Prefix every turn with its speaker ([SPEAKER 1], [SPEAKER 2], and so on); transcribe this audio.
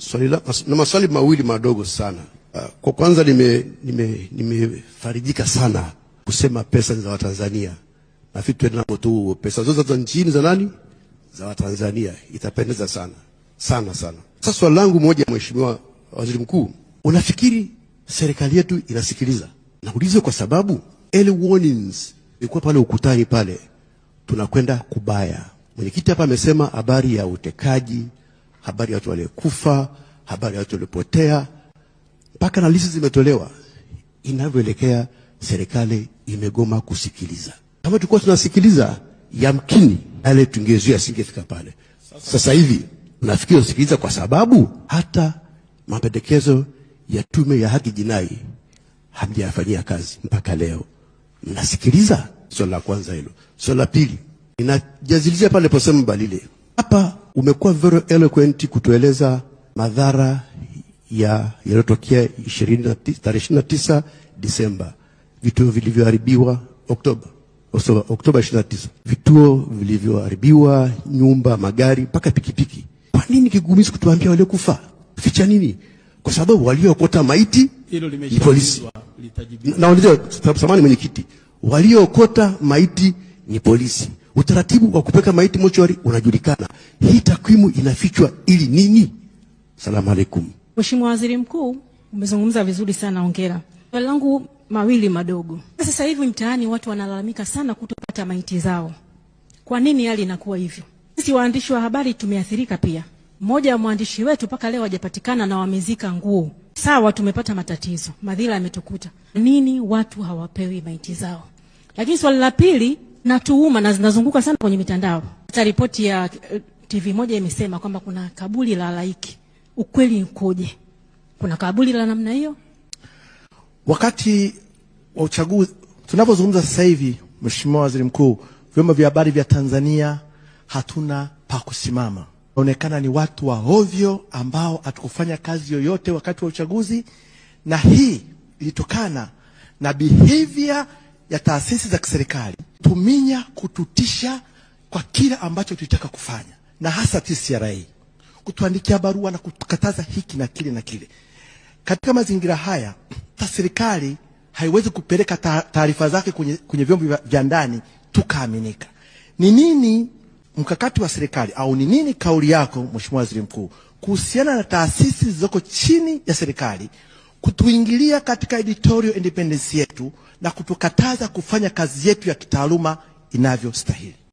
[SPEAKER 1] Swali la, na maswali mawili madogo sana. Ah, kwa kwanza, nimefarijika nime, nime sana kusema pesa ni za Watanzania. Nafikiri tuende nao tu, pesa zote za nchini za nani? Za Watanzania. Itapendeza sana sana sana. Sasa swali langu moja, Mheshimiwa Waziri Mkuu, unafikiri serikali yetu inasikiliza? Naulize kwa sababu early warnings ilikuwa pale ukutani pale, tunakwenda kubaya. Mwenyekiti hapa amesema habari ya utekaji habari ya watu waliokufa, habari ya watu waliopotea, mpaka na lisi zimetolewa. Inavyoelekea serikali imegoma kusikiliza. Kama tulikuwa tunasikiliza, yamkini yale tungezuia asingefika pale. Sasa hivi nafikiri unasikiliza kwa sababu hata mapendekezo ya tume ya haki jinai hamjayafanyia kazi mpaka leo. Mnasikiliza? Swala la kwanza hilo. Swala la pili, ninajazilizia pale posema balile hapa umekuwa very eloquent kutueleza madhara ya yaliyotokea tarehe 29 Disemba, vituo vilivyoharibiwa Oktoba Oktoba 29, vituo vilivyoharibiwa, nyumba, magari, mpaka pikipiki. Kwa nini kigumizi kutuambia waliokufa? Ficha nini? Kwa sababu waliokota maiti ni polisi. Naulizwa, samahani mwenyekiti, waliokota maiti ni polisi. Utaratibu wa kupeka maiti mochwari unajulikana. Hii takwimu inafichwa ili nini? Salamu alaikum.
[SPEAKER 2] Mheshimiwa Waziri Mkuu, umezungumza vizuri sana, ongera. Swali langu mawili madogo. Sasa hivi mtaani watu wanalalamika sana kutopata maiti zao. Kwa nini hali inakuwa hivyo? Sisi waandishi wa habari tumeathirika pia. Mmoja wa mwandishi wetu mpaka leo hajapatikana na wamezika nguo. Sawa, tumepata matatizo, madhila yametukuta. Nini watu hawapewi maiti zao? Lakini swali la pili na tuhuma na zinazunguka sana kwenye mitandao. Hata ripoti ya eh, TV moja imesema kwamba kuna kaburi la laiki. Ukweli ukoje? Kuna kaburi la namna hiyo?
[SPEAKER 1] Wakati wa uchaguzi tunapozungumza sasa hivi, Mheshimiwa Waziri Mkuu, vyombo vya habari vya Tanzania hatuna pa kusimama. Inaonekana ni watu wa ovyo ambao hatukufanya kazi yoyote wakati wa uchaguzi, na hii ilitokana na behavior ya taasisi za kiserikali tuminya kututisha kwa kila ambacho tulitaka kufanya, na hasa TCRA kutuandikia barua na kukataza hiki na kile na kile. Katika mazingira haya, ta serikali haiwezi kupeleka taarifa zake kwenye, kwenye vyombo vya ndani tukaaminika. Ni nini mkakati wa serikali au ni nini kauli yako Mheshimiwa Waziri Mkuu kuhusiana na taasisi zilizoko chini ya serikali kutuingilia katika editorial independence yetu na kutukataza kufanya kazi yetu ya kitaaluma inavyostahili.